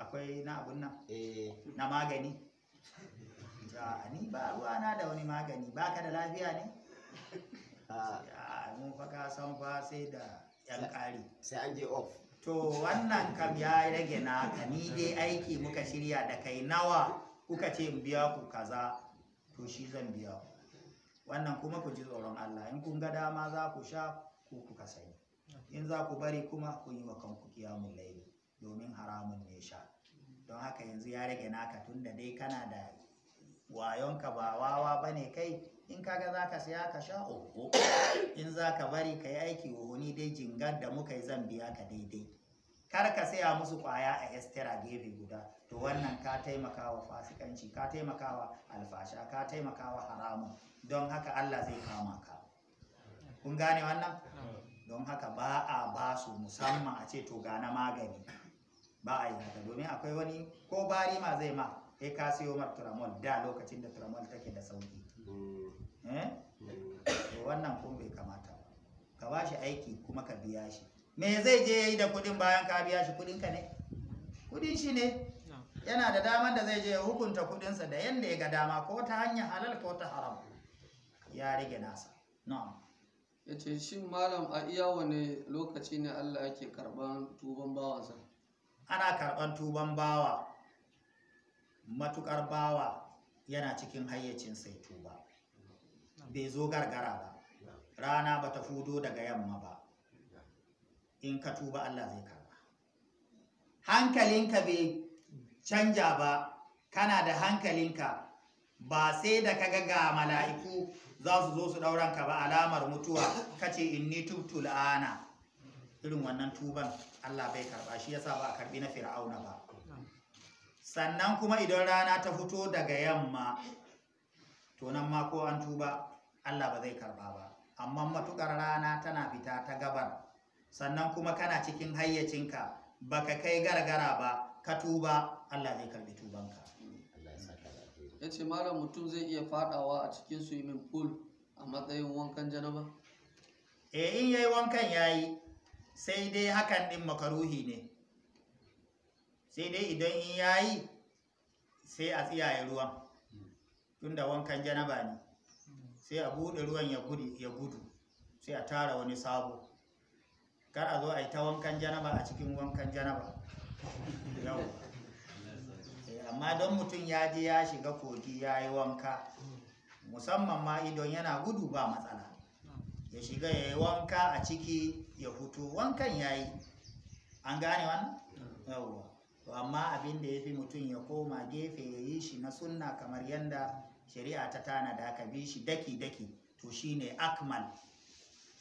akwai na abun nan eh. na magani ja ni ba ruwa na da wani magani ba ka da lafiya ne ah. mun fa ka san fa sai da yan kari sai an je off to wannan kam ya rage na ka ni dai aiki muka shirya da kai nawa kuka ce in biya ku kaza to shi zan biya ku wannan kuma ku ji tsoron Allah in kun ga dama za ku sha ku kuka sani in za ku bari kuma kun yi wa kanku kiyamun laili domin haramun ne sha don haka yanzu ya rage naka tun da dai kana da wayonka ba wawa ba ne kai in kaga za ka siya ka sha uku in za ka bari ka yi aiki wuni dai jingar da muka yi zan biya ka daidai kar ka saya musu kwaya a estera gefe guda to wannan ka taimakawa fasikanci ka taimakawa alfasha ka taimakawa haramun don haka allah zai kama ka kun gane wannan don haka ba a ba su musamman a ce to ga na magani ba a yi haka domin akwai wani ko bari ma zai ma E, ka siyo mar turamol da lokacin da turamol take da sauki hmm. eh? wannan kun bai kamata ba ka ba shi aiki kuma ka biya shi me zai je ya yi da kudin bayan ka biya shi kudin ne kudin shi ne yana da damar da zai je ya hukunta kudinsa da yadda ya ga dama ko ta hanyar halal ko ta haram ya rage nasa ya ce shin malam a iya wane lokaci ne allah yake karban tuban bawansa ana karɓar tuban bawa matuƙar bawa yana cikin hayyacin sai tuba bai zo gargara ba rana ba ta fudo daga yamma ba in ka tuba Allah zai karɓa hankalinka bai canja ba kana da hankalinka ba sai da ka ga mala'iku za su zo su ɗauranka ba alamar mutuwa kace inni tubtul ana irin wannan tuban Allah bai karba shi yasa ba a karbi na fir'auna ba sannan kuma idan rana ta fito daga yamma to nan ma ko an tuba Allah ba zai karba ba amma matukar rana tana fita ta gabar sannan kuma kana cikin hayyacinka baka kai gargara ba ka tuba Allah zai karbi tubanka ya ce mara mutum zai iya fadawa a cikin swimming pool a matsayin wankan janaba? e in yayi wankan yayi sai dai hakan din makaruhi ne sai dai idan in yayi sai a tsiyaye ruwan tunda wankan janaba ne sai a bude ruwan ya gudu sai a tara wani sabo kar a zo a yi ta wankan janaba a cikin wankan janaba yau eh, amma don mutum ya je ya shiga kogi ya yi wanka musamman ma idon yana gudu ba matsala ya shiga ya yi wanka a ciki ya fito wankan ya yi an gane wannan to amma abin da ya fi mutum ya koma gefe ya yi shi na sunna kamar yadda shari'a ta tanada ka bi shi daki-daki to shi ne akmal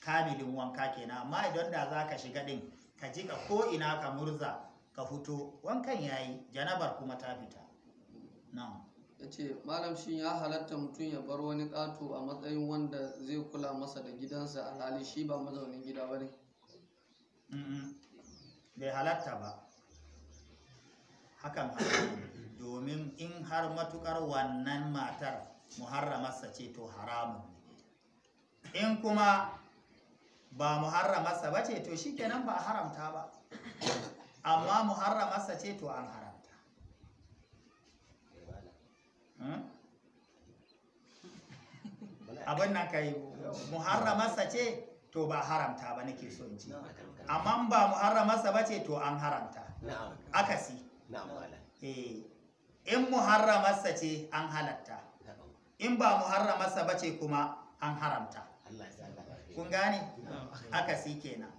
kamilin wanka kenan amma idan da za ka shiga ɗin ka jika ko ina ka murza ka fito wankan ya yi janabar kuma ta fita ya ce malam shi ya halatta mutum ya bar wani ƙato a matsayin wanda zai kula masa da gidansa hali shi ba mazaunin gida ba ne bai halatta ba hakan domin in har matukar wannan matar muharramarsa ce to haramun in kuma ba muharramarsa ba ce to shi kenan ba haramta ba amma muharramarsa ce to an haramta abin nan kai muharramarsa ce to ba haramta ba nake so in ce. amma ba muharramarsa ba ce to an haramta akasi eh, in muharramarsa ce an halatta in ba muharramarsa ba ce kuma an haramta kun gane akasi kenan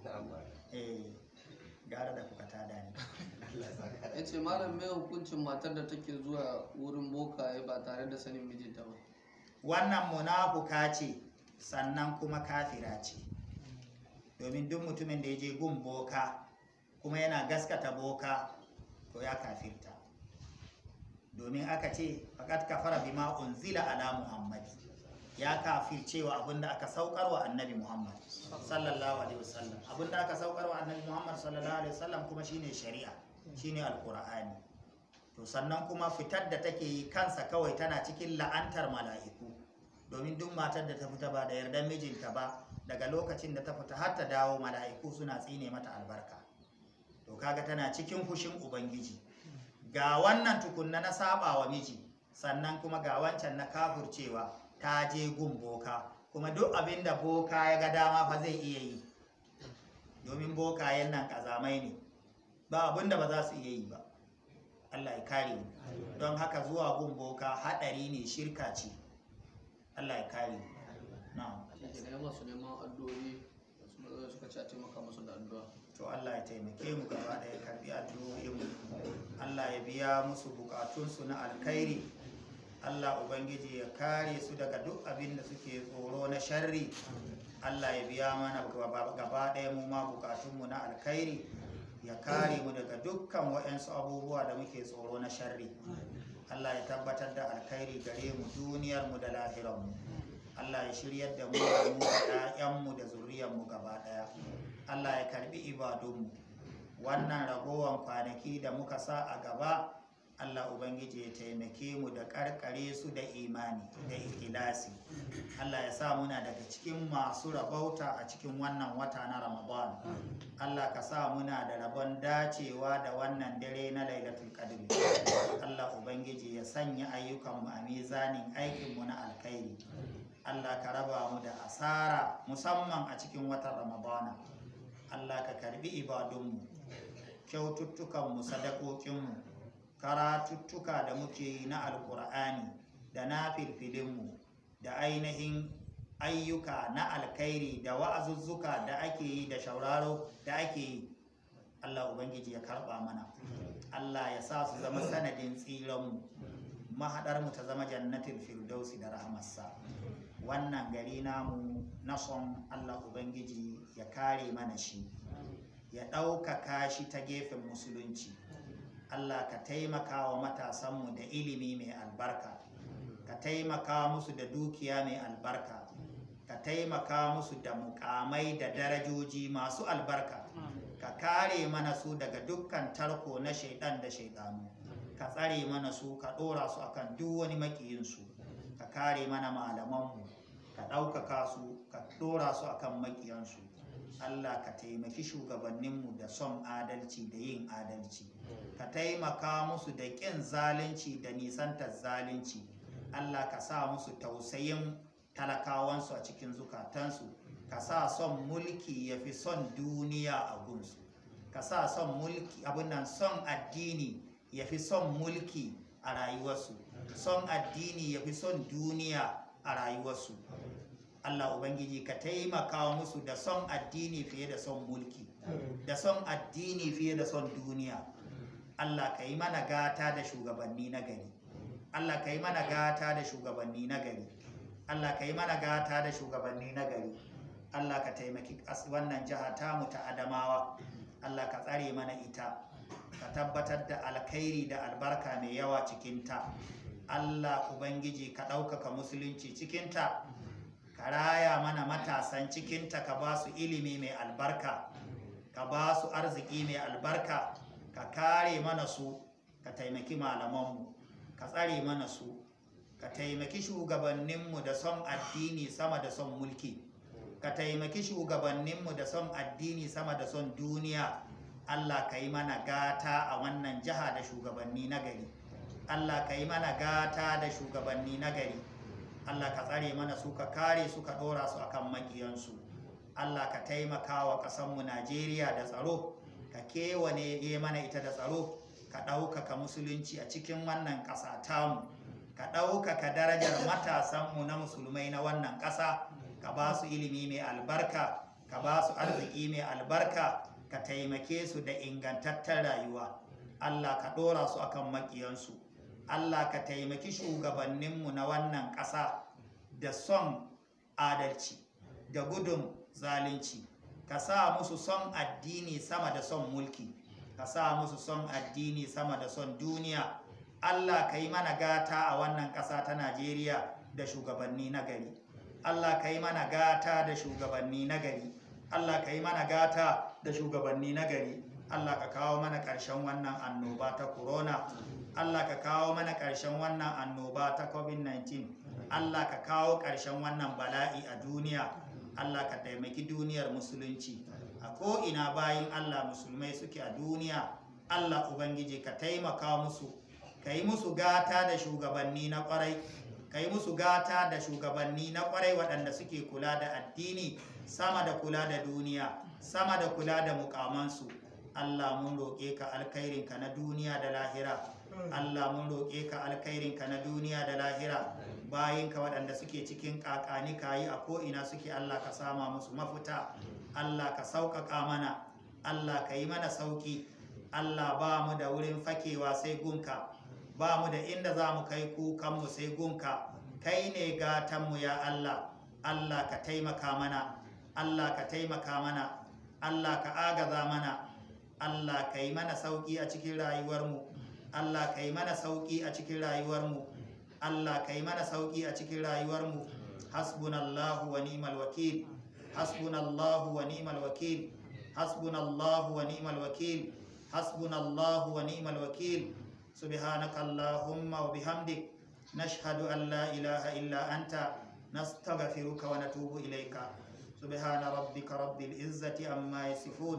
eh, gara da kuka tada ya ce malam mai hukuncin matar da take zuwa wurin bokaye ba tare da sanin mijinta ba wannan munafuka ce sannan kuma kafira ce domin duk mutumin da ya je gun boka kuma yana gaskata boka to ya kafirta domin aka ce faƙat kafara bima zila ala muhammadi ya kafircewa abinda aka saukar wa annabi Muhammad sallallahu alaihi wasallam abinda aka saukar wa annabi Muhammad sallallahu alaihi wasallam kuma shine shari'a shine alqur'ani to sannan kuma fitar da take yi kansa kawai tana cikin la'antar mala'iku domin duk matar da ta fita ba da yardan mijinta ba daga lokacin da ta fita har ta dawo mala'iku suna tsine mata albarka to kaga tana cikin fushin ubangiji ga wannan tukunna na sabawa miji sannan kuma ga wancan na kafurcewa ta je gun boka kuma duk abin da boka ya ga dama fa zai iya yi domin bokayen nan kazamai ne ba abinda ba za su iya yi ba Allah ya kare mu don haka zuwa gun boka haɗari ne shirka ce Allah ya kare mu to Allah ya taimake mu gaba da ya karbi addu'o'in mu Allah ya biya musu bukatunsu na alkhairi Allah Ubangiji ya kare su daga duk abin da suke tsoro na sharri Allah ya biya mana gaba ɗaya mu ma bukatunmu na alkhairi ya kare mu daga dukkan waɗansu abubuwa da muke tsoro na sharri Allah ya tabbatar da alkhairi gare mu duniyar mu, da mu. Allah ya shiryar da mu da mu ɗayanmu da mu gaba ɗaya Allah ya karɓi ibadunmu wannan ragowan kwanaki da muka sa a gaba Allah Ubangiji ya taimake mu da karkare su da imani da ikilasi Allah ya sa muna daga cikin masu rabauta a cikin wannan wata na Ramadan Allah ka sa muna da rabon dacewa da wannan dare na Lailatul Qadr Allah Ubangiji ya sanya ayyukan mu a mizanin aikin mu na alkhairi Allah ka raba mu da asara musamman a cikin watan Ramadana Allah ka karbi ibadunmu kyaututtukanmu sadakokinmu karatuttuka da muke yi na alkur'ani da na filfilinmu da ainihin ayyuka na alkhairi da wa'azuzzuka da ake yi da shauraro da ake yi Allah Ubangiji ya karɓa mana Allah ya sa su zama sanadin tsiranmu mahaɗarmu ta zama jannatin firdausi da rahamarsa wannan gari namu na son Allah Ubangiji ya kare mana shi ya ɗaukaka shi ta gefen musulunci Allah ka taimaka wa matasanmu da ilimi mai albarka ka taimaka musu da dukiya mai albarka ka taimaka musu da mukamai da darajoji masu albarka ka kare mana su daga dukkan tarko na shaidan da shaidanu ka tsare mana su ka ɗora su akan duk wani makiyinsu ka kare mana malamanmu ka ɗaukaka su ka ɗora su akan makiyansu Allah ka taimaki shugabanninmu da son adalci da yin adalci ka taimaka musu da ƙin zalunci da nisantar zalunci Allah ka sa musu tausayin talakawansu a cikin zukatansu ka sa son mulki ya fi son duniya a gunsu ka sa son mulki abinan son addini ya fi son mulki a rayuwarsu son addini ya fi son duniya a rayuwarsu Allah Ubangiji ka taimaka musu da son addini fiye da son mulki da son addini fiye da son duniya Allah ka yi mana gata da shugabanni na gari Allah ka yi mana gata da shugabanni na gari Allah ka yi mana gata da shugabanni na gari Allah ka taimaki wannan jiha mu ta Adamawa Allah ka tsare mana ita ka tabbatar da alkhairi da albarka mai yawa cikinta Allah Ubangiji ka ɗaukaka musulunci cikinta ka raya mana matasan cikinta ka ba su ilimi mai albarka ka ba su arziki mai albarka ka kare mana su ka taimaki malamanmu ka tsare mana su ka taimaki shugabanninmu da son addini sama da son mulki ka taimaki shugabanninmu da son addini sama da son duniya Allah ka yi mana gata a wannan jiha da shugabanni nagari Allah ka yi mana gata da shugabanni nagari. Allah ka tsare mana su ka kare su ka ɗora su akan makiyansu Allah ka taimaka wa ƙasanmu Najeriya da tsaro ka kewane eh, mana ita da tsaro ka ɗaukaka musulunci a cikin wannan ƙasa tamu ka ɗaukaka darajar matasanmu na musulmai na wannan ƙasa ka ba su ilimi mai albarka ka ba su arziki mai albarka ka taimake su da ingantattar rayuwa Allah ka ɗora su akan maƙiyansu Allah ka taimaki shugabanninmu na wannan ƙasa da son adalci da gudun zalunci ka sa musu son addini sama da son mulki ka sa musu son addini sama da son duniya Allah ka yi mana gata a wannan ƙasa ta Najeriya da shugabanni na gari Allah ka yi mana gata da shugabanni na gari Allah ka yi mana gata da shugabanni na gari Allah ka kawo mana ƙarshen wannan annoba ta corona Allah ka kawo mana ƙarshen wannan annoba ta covid-19 Allah ka kawo ƙarshen wannan bala'i a duniya Allah ka taimaki duniyar musulunci a ko'ina bayan Allah musulmai suke a duniya Allah Ubangiji ka taimaka musu ka yi musu gata da shugabanni na kwarai ka yi musu gata da shugabanni na kwarai waɗanda suke kula da addini sama da kula da duniya sama da kula da mukamansu Allah mun roƙe ka alkhairinka na duniya da lahira hmm. Allah mun roƙe ka alkhairinka na duniya da lahira ka waɗanda suke cikin kakani yi, a ko'ina suke Allah ka sama musu mafuta Allah ka sauƙaƙa mana Allah ka yi mana sauƙi Allah ba mu da wurin fakewa sai gunka ba mu da inda za mu kai kukanmu sai gunka kai ne gatanmu ya Allah Allah ka taimaka mana Allah ka taimaka mana Allah ka agaza mana Allah ka yi mana sauƙi a cikin rayuwarmu Allah ka yi mana sauƙi a cikin rayuwarmu Allah ka yi mana sauƙi a cikin rayuwarmu hasbunallahu wa ni'mal wakil hasbunallahu wa ni'mal wakil hasbunallahu wa ni'mal wakil hasbunallahu wa ni'mal wakil subhanakallahumma wa bihamdik nashhadu an la ilaha illa anta نستغفرك ونتوب إليك سبحان ربك رب العزة عما يصفون